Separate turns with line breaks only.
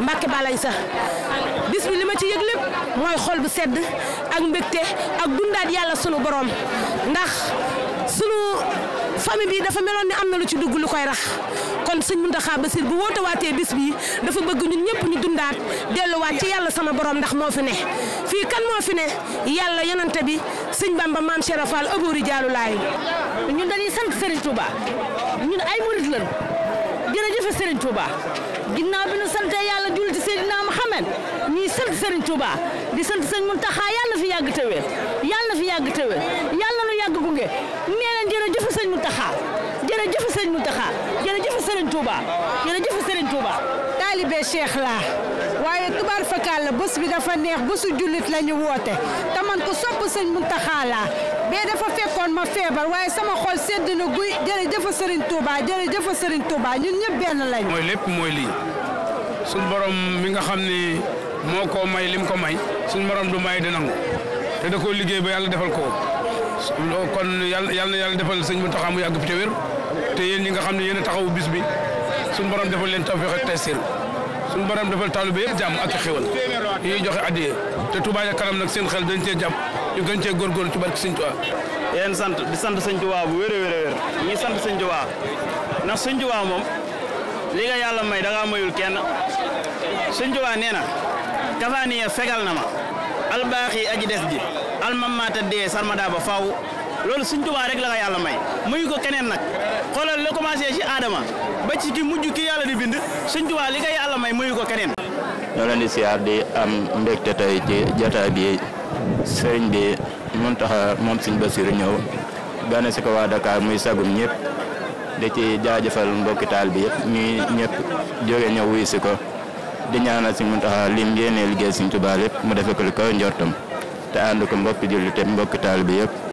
Mbacke baa sax bis bi li ma ci yëg lépp mooy xol bu sedd ak mbégte ak dundaat yàlla sunu borom ndax sunu famille bi dafa meloon ni am na lu ci dugg lu koy rax kon sëñ Mountakha Bassir bu woote waatee bis bi dafa bëgg ñun ñëpp ñu dundaat delluwaat ci yàlla sama borom ndax moo fi ne fii kan moo fi ne yàlla yonante bi sëñ Bamba maam Cheikh Fall abori jaalu laay ñun dañuy sant Serigne Touba ginnaaw bi nu sant yàlla julli ci Seydina Muhammad ñuy sant Serigne Touba di sant sëñ Muntaxa yàlla na fi yàgg te wér yàlla na fi yàgg te wér yàlla na nu yàgg gunge nee na jërëjëf sëñ Muntaxa
jërëjëf sëñ Muntaxa jërëjëf Serigne Touba jërëjëf Serigne Touba. taalibe Cheikh laa waaye tubaar fakal la bés bi dafa neex bésu jullit la ñu woote te man ko sëñ Muntaxa laa bee dafa fekkoon ma feebar waaye sama xol sedd na guy jërëjëf Serigne Touba jërëjëf Serigne Touba ñun ñëpp benn lañ.
mooy lépp mooy lii suñ borom mi nga xam ni moo ko may lim ko may suñ borom du may di nangu te da koo liggéey ba yàlla defal ko kon yàlla yàlla yàlla defal sëñ bu taxaw mu yàgg fi te wér te yéen ñi nga xam ne yéen a taxawu bis bi suñ borom defal leen tawfeex ak tayseer suñu borom defal taalibe yëpp jàmm ak xéwal yi joxe addiye te Touba ca kanam nag seen xel dañ cee jàpp
ñu gën cee góorgóorlu ci barke Sëñ Touba sant di sant Sëñ Touba bu wér a wér a wér ñi sant Sëñ Touba ndax moom li nga yàlla may da ngaa mayul kenn Sëñ Touba nee na kafaaniya fegal na ma albaaxi aji des ji almamaata dee sarmada ba faaw loolu Sëñ Touba rek la nga yàlla may mayu ko keneen nag xoolal la ci Adama ba ci ki mujj ki yàlla di sëñ Tuubaa li nga yàlla may mayu ko keneen.
ñoo leen di siyaar di am mbégte tey ci jotaay bi sëñ bi Muntaxa moom sëñ Basiru ñëw gane si ko waa Dakar muy sagum ñëpp di ci jaajëfal mbokki taal bi yëpp ñuy ñëpp jóge ñëw wuy si ko di ñaanal sëñ taxa lim yéene liggéey sëñ Tuubaa lépp mu defe ko li ko te ànd ko mbokki jullit te mbokki taal bi yëpp.